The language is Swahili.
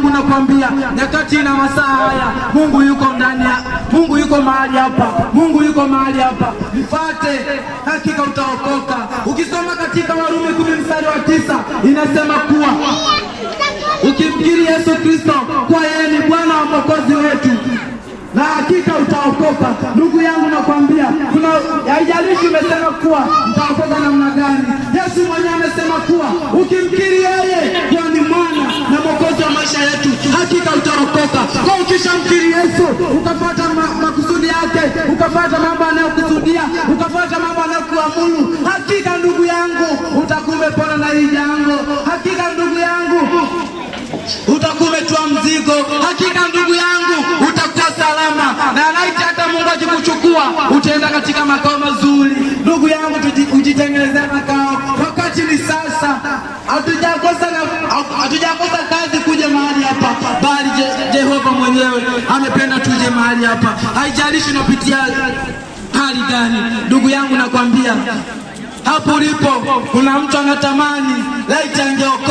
yangu nakwambia, nyakati na masaa haya, Mungu yuko ndani ya Mungu, yuko mahali hapa, Mungu yuko mahali hapa, mfate, hakika utaokoka. Ukisoma katika Warumi kumi mstari wa tisa inasema kuwa ukimkiri Yesu Kristo kwa yeye ni Bwana wa Mwokozi wetu na hakika utaokoka. Ndugu yangu nakwambia, kuna haijalishi umesema kuwa utaokoka na mkiri Yesu ukafuata makusudi yake, ukafuata mambo anayokusudia, ukafuata mambo anayokuamuru, hakika ndugu yangu utakuwa umepona na hii jango. Hakika ndugu yangu utakuwa umetwa mzigo. Hakika ndugu yangu utakuwa salama, na anaiti hata Mungu akikuchukua utaenda katika makao mazuri. Ndugu yangu, tujitengenezea makao, wakati ni sasa. Hatujakosa kazi kuja mahali hapa bali mahali hapa, haijalishi unapitia hali gani, ndugu yangu, nakwambia hapo ulipo kuna mtu anatamani